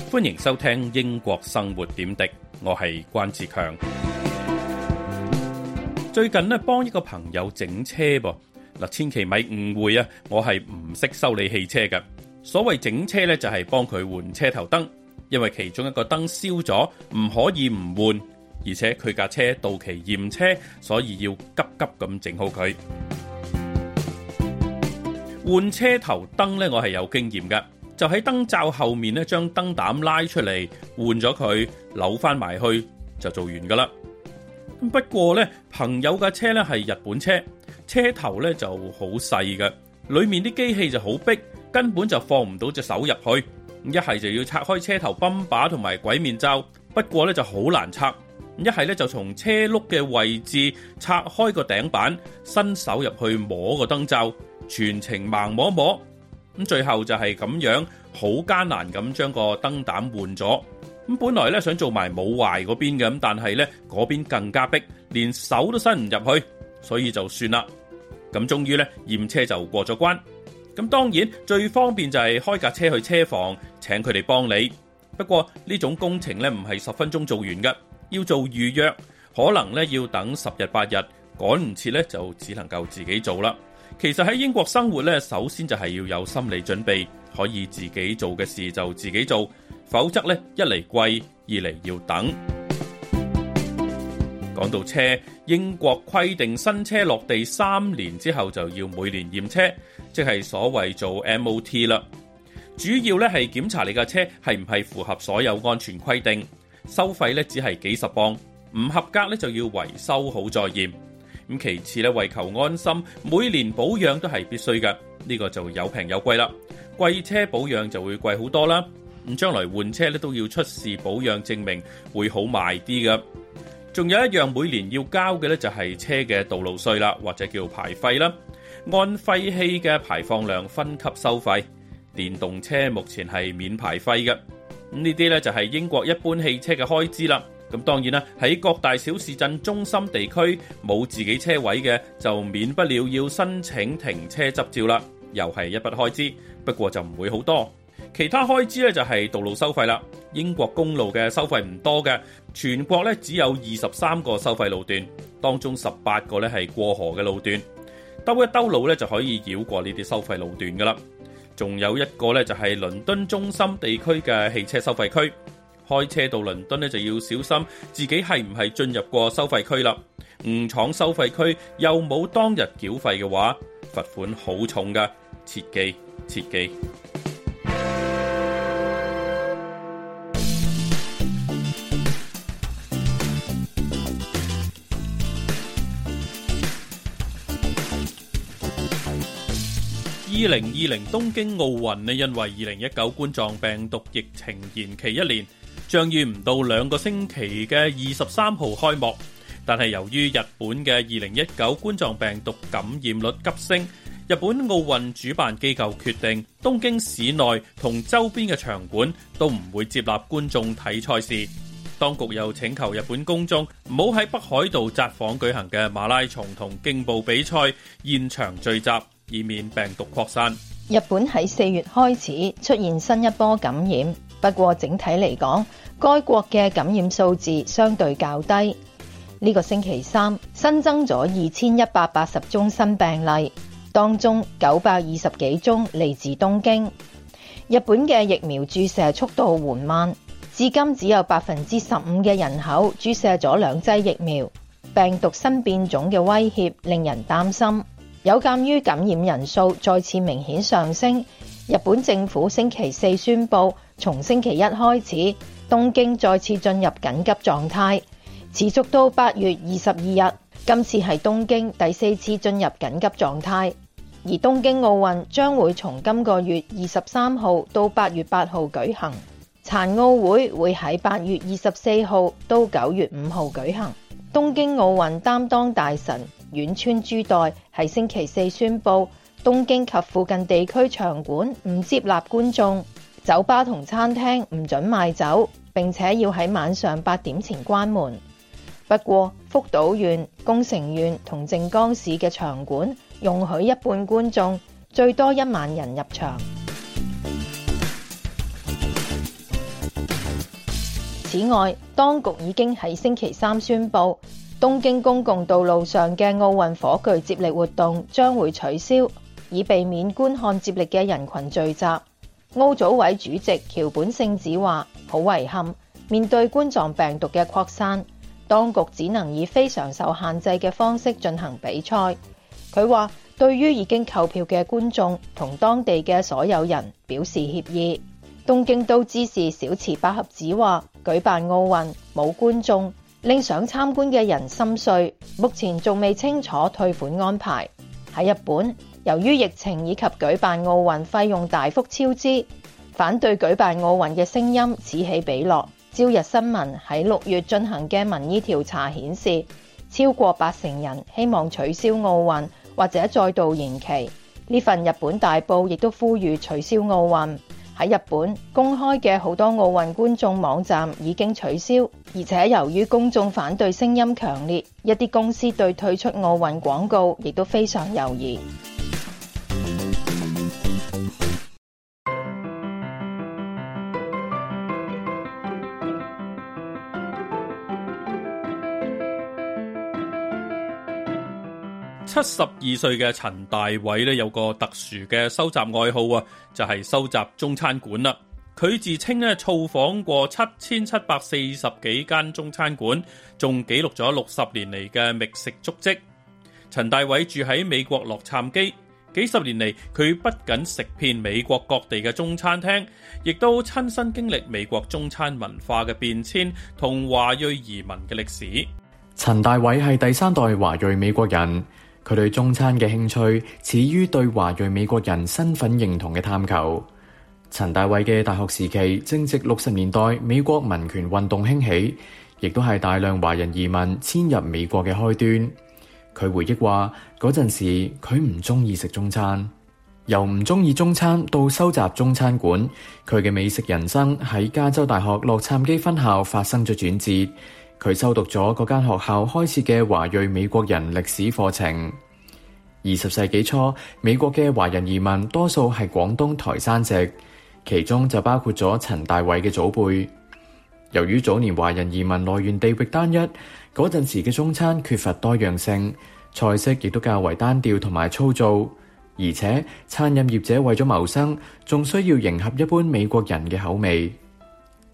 歡迎收聽《英國生活點滴》，我係關志強。最近咧幫一個朋友整車噃。嗱，千祈咪誤會啊！我係唔識修理汽車嘅。所謂整車呢，就係幫佢換車頭燈，因為其中一個燈燒咗，唔可以唔換，而且佢架車到期驗車，所以要急急咁整好佢。換車頭燈呢，我係有經驗㗎，就喺燈罩後面呢，將燈膽拉出嚟換咗佢，扭翻埋去就做完噶啦。不過呢，朋友架車呢係日本車。車頭咧就好細嘅，裏面啲機器就好逼，根本就放唔到隻手入去。一係就要拆開車頭泵把同埋鬼面罩，不過咧就好難拆。一係咧就從車轆嘅位置拆開個頂板，伸手入去摸個燈罩，全程盲摸摸。咁最後就係咁樣，好艱難咁將個燈膽換咗。咁本來咧想做埋冇壞嗰邊嘅，咁但係咧嗰邊更加逼，連手都伸唔入去。所以就算啦，咁終於呢驗車就過咗關。咁當然最方便就係開架車去車房，請佢哋幫你。不過呢種工程呢唔係十分鐘做完嘅，要做預約，可能呢要等十日八日，趕唔切呢就只能夠自己做啦。其實喺英國生活呢，首先就係要有心理準備，可以自己做嘅事就自己做，否則呢，一嚟貴，二嚟要等。講到車，英國規定新車落地三年之後就要每年驗車，即係所謂做 MOT 啦。主要咧係檢查你架車係唔係符合所有安全規定。收費咧只係幾十磅，唔合格咧就要維修好再驗。咁其次咧為求安心，每年保養都係必須噶。呢個就有平有貴啦，貴車保養就會貴好多啦。咁將來換車咧都要出示保養證明，會好賣啲噶。仲有一樣每年要交嘅咧，就係車嘅道路稅啦，或者叫牌費啦。按廢氣嘅排放量分級收費，電動車目前係免牌費嘅。咁呢啲咧就係英國一般汽車嘅開支啦。咁當然啦，喺各大小市鎮中心地區冇自己車位嘅，就免不了要申請停車執照啦，又係一筆開支。不過就唔會好多。其他開支咧就係道路收費啦，英國公路嘅收費唔多嘅，全國咧只有二十三個收費路段，當中十八個咧係過河嘅路段，兜一兜路咧就可以繞過呢啲收費路段噶啦。仲有一個咧就係倫敦中心地區嘅汽車收費區，開車到倫敦咧就要小心自己係唔係進入過收費區啦。誤闖收費區又冇當日繳費嘅話，罰款好重噶，切記切記。二零二零東京奧運呢，因為二零一九冠狀病毒疫情延期一年，將於唔到兩個星期嘅二十三號開幕。但係由於日本嘅二零一九冠狀病毒感染率急升，日本奧運主辦機構決定東京市內同周邊嘅場館都唔會接納觀眾睇賽事。當局又請求日本公眾唔好喺北海道札幌舉行嘅馬拉松同競步比賽現場聚集，以免病毒擴散。日本喺四月開始出現新一波感染，不過整體嚟講，該國嘅感染數字相對較低。呢個星期三新增咗二千一百八十宗新病例，當中九百二十幾宗嚟自東京。日本嘅疫苗注射速度緩慢，至今只有百分之十五嘅人口注射咗兩劑疫苗。病毒新變種嘅威脅令人擔心。有鑑於感染人數再次明顯上升，日本政府星期四宣布，從星期一開始，東京再次進入緊急狀態，持續到八月二十二日。今次係東京第四次進入緊急狀態，而東京奧運將會從今個月二十三號到八月八號舉行，殘奧會會喺八月二十四號到九月五號舉行。東京奧運擔當大臣遠村珠代喺星期四宣布，東京及附近地區場館唔接納觀眾，酒吧同餐廳唔准賣酒，並且要喺晚上八點前關門。不過，福島縣、宮城縣同靜岡市嘅場館容許一半觀眾，最多一萬人入場。此外，當局已經喺星期三宣布。東京公共道路上嘅奧運火炬接力活動將會取消，以避免觀看接力嘅人群聚集。奧組委主席橋本聖子話：好遺憾，面對冠狀病毒嘅擴散，當局只能以非常受限制嘅方式進行比賽。佢話：對於已經購票嘅觀眾同當地嘅所有人表示歉意。東京都知事小池百合子話：舉辦奧運冇觀眾，令想參觀嘅人心碎，目前仲未清楚退款安排。喺日本，由於疫情以及舉辦奧運費用大幅超支，反對舉辦奧運嘅聲音此起彼落。朝日新聞喺六月進行嘅民意調查顯示，超過八成人希望取消奧運或者再度延期。呢份日本大報亦都呼籲取消奧運。喺日本公開嘅好多奧運觀眾網站已經取消，而且由於公眾反對聲音強烈，一啲公司對退出奧運廣告亦都非常猶豫。七十二歲嘅陳大偉咧，有個特殊嘅收集愛好啊，就係收集中餐館啦。佢自稱咧，造訪過七千七百四十幾間中餐館，仲記錄咗六十年嚟嘅覓食足跡。陳大偉住喺美國洛杉磯，幾十年嚟佢不僅食遍美國各地嘅中餐廳，亦都親身經歷美國中餐文化嘅變遷同華裔移民嘅歷史。陳大偉係第三代華裔美國人。佢對中餐嘅興趣，始於對華裔美國人身份認同嘅探求。陳大偉嘅大學時期正值六十年代美國民權運動興起，亦都係大量華人移民遷入美國嘅開端。佢回憶話，嗰陣時佢唔鍾意食中餐，由唔鍾意中餐到收集中餐館，佢嘅美食人生喺加州大學洛杉磯分校發生咗轉折。佢修讀咗嗰間學校開設嘅華裔美國人歷史課程。二十世紀初，美國嘅華人移民多數係廣東台山籍，其中就包括咗陳大偉嘅祖輩。由於早年華人移民來源地域單一，嗰陣時嘅中餐缺乏多樣性，菜式亦都較為單調同埋粗糙，而且餐飲業者為咗謀生，仲需要迎合一般美國人嘅口味。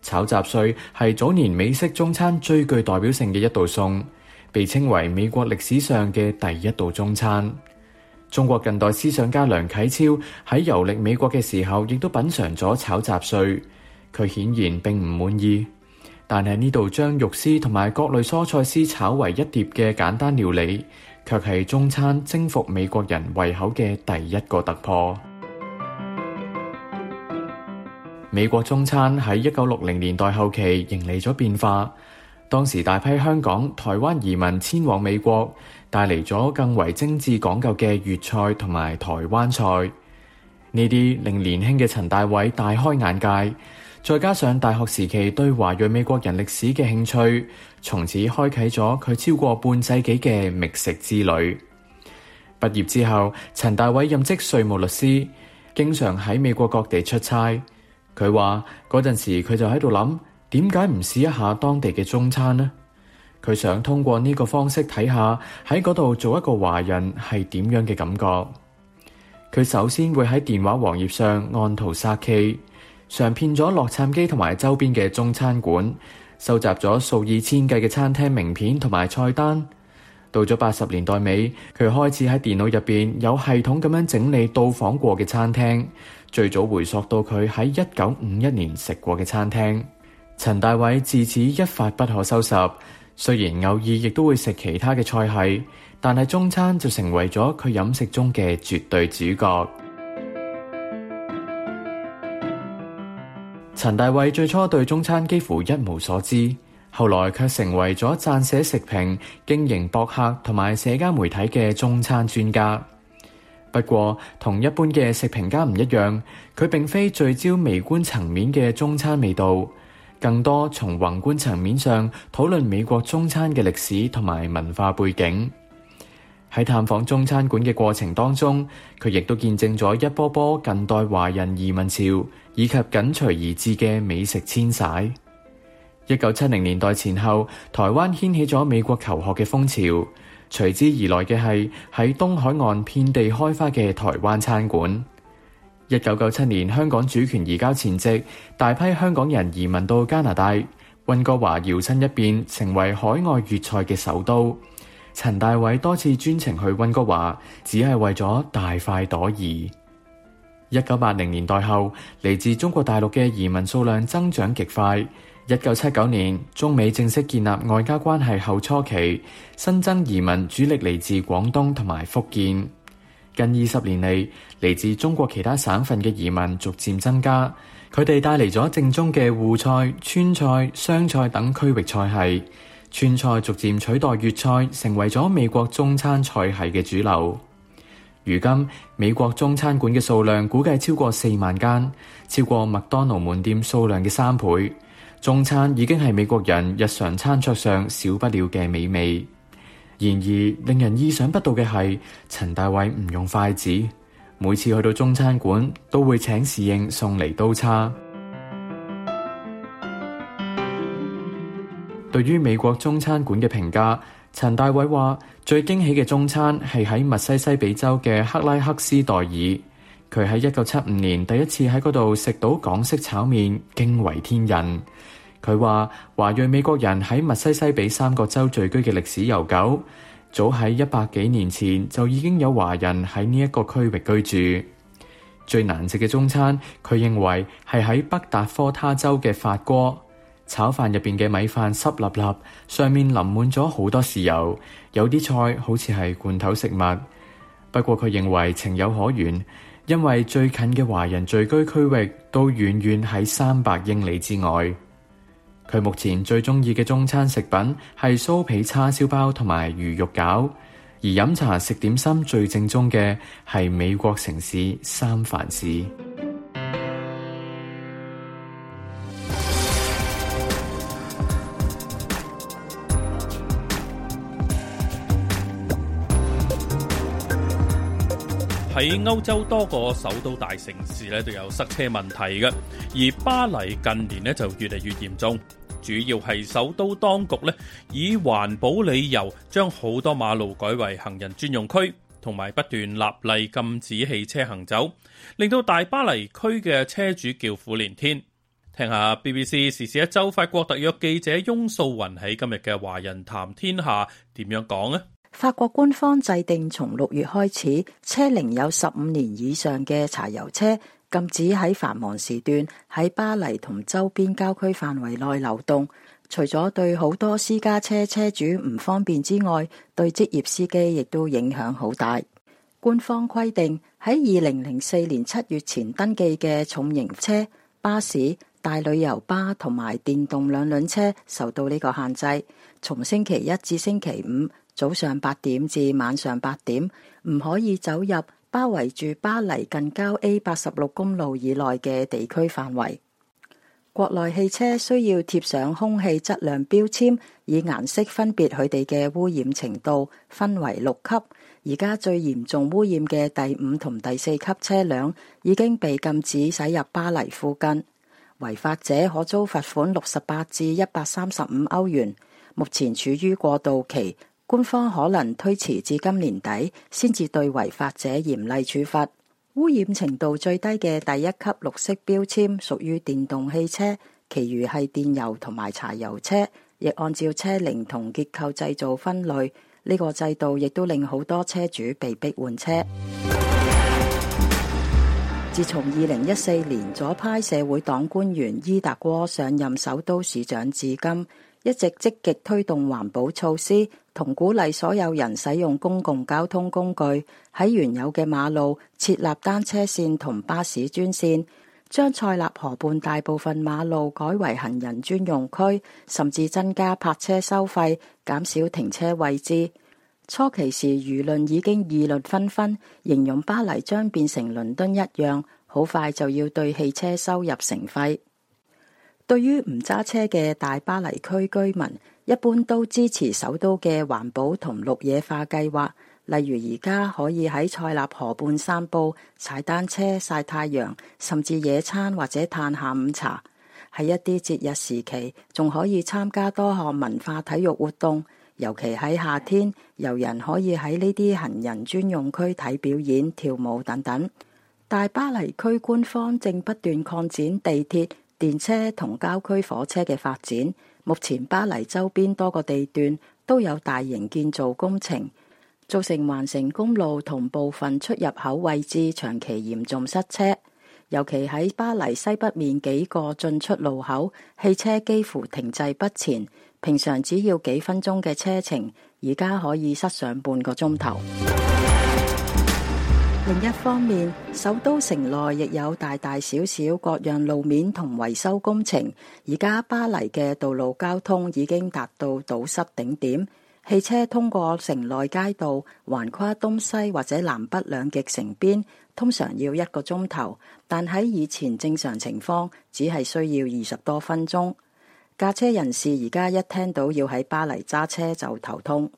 炒雜碎係早年美式中餐最具代表性嘅一道餸，被稱為美國歷史上嘅第一道中餐。中國近代思想家梁啟超喺遊歷美國嘅時候，亦都品嘗咗炒雜碎，佢顯然並唔滿意。但係呢度將肉絲同埋各類蔬菜絲炒為一碟嘅簡單料理，卻係中餐征服美國人胃口嘅第一個突破。美國中餐喺一九六零年代後期迎嚟咗變化。當時大批香港、台灣移民遷往美國，帶嚟咗更為精致講究嘅粵菜同埋台灣菜。呢啲令年輕嘅陳大偉大開眼界。再加上大學時期對華裔美國人歷史嘅興趣，從此開啟咗佢超過半世紀嘅覓食之旅。畢業之後，陳大偉任職稅務律師，經常喺美國各地出差。佢話嗰陣時佢就喺度諗，點解唔試一下當地嘅中餐呢？佢想通過呢個方式睇下喺嗰度做一個華人係點樣嘅感覺。佢首先會喺電話黃頁上按圖殺 K，嘗遍咗洛杉磯同埋周邊嘅中餐館，收集咗數以千計嘅餐廳名片同埋菜單。到咗八十年代尾，佢開始喺電腦入邊有系統咁樣整理到訪過嘅餐廳。最早回溯到佢喺一九五一年食過嘅餐廳，陳大偉自此一發不可收拾。雖然偶爾亦都會食其他嘅菜係，但係中餐就成為咗佢飲食中嘅絕對主角。陳 [MUSIC] 大偉最初對中餐幾乎一無所知，後來卻成為咗撰寫食評、經營博客同埋社交媒體嘅中餐專家。不過，同一般嘅食評家唔一樣，佢並非聚焦微觀層面嘅中餐味道，更多從宏觀層面上討論美國中餐嘅歷史同埋文化背景。喺探訪中餐館嘅過程當中，佢亦都見證咗一波波近代華人移民潮，以及緊隨而至嘅美食遷徙。一九七零年代前後，台灣掀起咗美國求學嘅風潮。隨之而來嘅係喺東海岸遍地開花嘅台灣餐館。一九九七年香港主權移交前夕，大批香港人移民到加拿大，温哥華搖身一變成為海外粵菜嘅首都。陳大偉多次專程去温哥華，只係為咗大快朵頤。一九八零年代後，嚟自中國大陸嘅移民數量增長極快。一九七九年，中美正式建立外交關係後初期，新增移民主力嚟自廣東同埋福建。近二十年嚟，嚟自中國其他省份嘅移民逐漸增加，佢哋帶嚟咗正宗嘅滬菜、川菜、湘菜等區域菜系。川菜逐漸取代粵菜，成為咗美國中餐菜系嘅主流。如今，美國中餐館嘅數量估計超過四萬間，超過麥當勞門店數量嘅三倍。中餐已經係美國人日常餐桌上少不了嘅美味。然而，令人意想不到嘅係，陳大偉唔用筷子，每次去到中餐館都會請侍應送嚟刀叉。 [MUSIC] 對於美國中餐館嘅評價，陳大偉話：最驚喜嘅中餐係喺密西西比州嘅克拉克斯代爾。佢喺一九七五年第一次喺嗰度食到港式炒麵，驚為天人。佢話華裔美國人喺密西西比三角洲聚居嘅歷史悠久，早喺一百幾年前就已經有華人喺呢一個區域居住。最難食嘅中餐，佢認為係喺北達科他州嘅法國炒飯，入邊嘅米飯濕粒粒，上面淋滿咗好多豉油，有啲菜好似係罐頭食物。不過佢認為情有可原。因為最近嘅華人聚居區域都遠遠喺三百英里之外。佢目前最中意嘅中餐食品係酥皮叉燒包同埋魚肉餃，而飲茶食點心最正宗嘅係美國城市三藩市。喺歐洲多個首都大城市咧，都有塞車問題嘅，而巴黎近年呢就越嚟越嚴重，主要係首都當局呢以環保理由將好多馬路改為行人專用區，同埋不斷立例禁止汽車行走，令到大巴黎區嘅車主叫苦連天。聽下 BBC 時事一周法國特約記者翁素雲喺今日嘅華人談天下點樣講呢？法國官方制定，從六月開始，車齡有十五年以上嘅柴油車禁止喺繁忙時段喺巴黎同周邊郊區範圍內流動。除咗對好多私家車車主唔方便之外，對職業司機亦都影響好大。官方規定喺二零零四年七月前登記嘅重型車、巴士、大旅遊巴同埋電動兩輪車受到呢個限制，從星期一至星期五。早上八點至晚上八點，唔可以走入包圍住巴黎近郊 A 八十六公路以內嘅地區範圍。國內汽車需要貼上空氣質量標籤，以顏色分別佢哋嘅污染程度，分為六級。而家最嚴重污染嘅第五同第四級車輛已經被禁止駛入巴黎附近，違法者可遭罰款六十八至一百三十五歐元。目前處於過渡期。官方可能推遲至今年底先至對違法者嚴厲處罰。污染程度最低嘅第一級綠色標籤屬於電動汽車，其餘係電油同埋柴油車。亦按照車齡同結構製造分類呢個制度，亦都令好多車主被逼換車。自從二零一四年左派社會黨官員伊達哥上任首都市長至今，一直積極推動環保措施。同鼓勵所有人使用公共交通工具，喺原有嘅馬路設立單車線同巴士專線，將塞納河畔大部分馬路改為行人專用區，甚至增加泊車收費，減少停車位置。初期時，輿論已經議論紛紛，形容巴黎將變成倫敦一樣，好快就要對汽車收入城費。對於唔揸車嘅大巴黎區居民，一般都支持首都嘅環保同綠野化計劃，例如而家可以喺塞納河畔散步、踩單車、曬太陽，甚至野餐或者嘆下午茶。喺一啲節日時期，仲可以參加多項文化體育活動，尤其喺夏天，遊人可以喺呢啲行人專用區睇表演、跳舞等等。大巴黎區官方正不斷擴展地鐵、電車同郊區火車嘅發展。目前巴黎周邊多個地段都有大型建造工程，造成環城公路同部分出入口位置長期嚴重塞車。尤其喺巴黎西北面幾個進出路口，汽車幾乎停滯不前。平常只要幾分鐘嘅車程，而家可以塞上半個鐘頭。另一方面，首都城內亦有大大小小各樣路面同維修工程。而家巴黎嘅道路交通已經達到堵塞頂點，汽車通過城內街道，橫跨東西或者南北兩極城邊，通常要一個鐘頭。但喺以前正常情況，只係需要二十多分鐘。駕車人士而家一聽到要喺巴黎揸車就頭痛。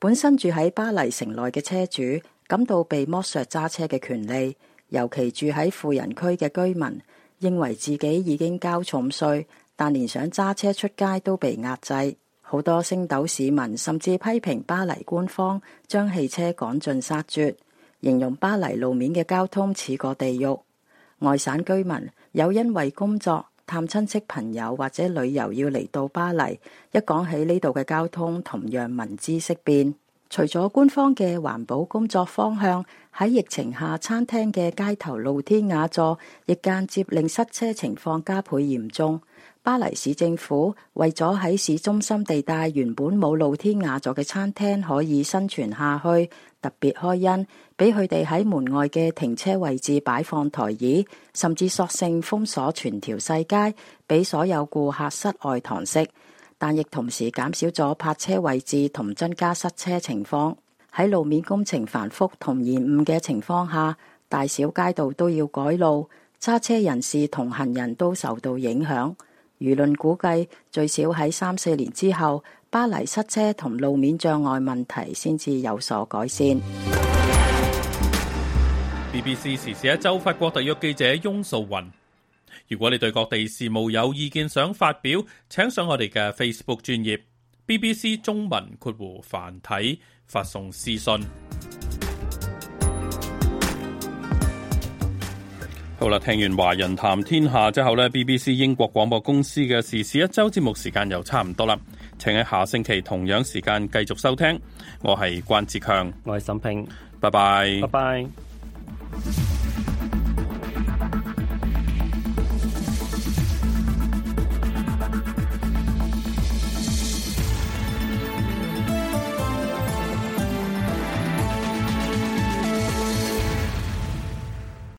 本身住喺巴黎城內嘅車主，感到被剝削揸車嘅權利，尤其住喺富人區嘅居民，認為自己已經交重稅，但連想揸車出街都被壓制。好多星斗市民甚至批評巴黎官方將汽車趕盡殺絕，形容巴黎路面嘅交通似個地獄。外省居民有因為工作、探親戚朋友或者旅遊要嚟到巴黎，一講起呢度嘅交通，同樣聞之色變。除咗官方嘅環保工作方向，喺疫情下，餐廳嘅街頭露天雅座，亦間接令塞車情況加倍嚴重。巴黎市政府為咗喺市中心地帶原本冇露天雅座嘅餐廳可以生存下去，特別開恩，俾佢哋喺門外嘅停車位置擺放台椅，甚至索性封鎖全條細街，俾所有顧客室外堂食。但亦同時減少咗泊車位置同增加塞車情況。喺路面工程繁複同延誤嘅情況下，大小街道都要改路，揸車人士同行人都受到影響。輿論估計最少喺三四年之後，巴黎塞車同路面障礙問題先至有所改善。BBC 時事一周，法國特約記者翁素雲。如果你對各地事務有意見想發表，請上我哋嘅 Facebook 專頁 BBC 中文括弧繁體發送私信。 [MUSIC] 好啦，聽完華人談天下之後呢 BBC 英國廣播公司嘅時事一周節目時間又差唔多啦，請喺下星期同樣時間繼續收聽。我係關志強，我係沈平，拜拜，拜拜。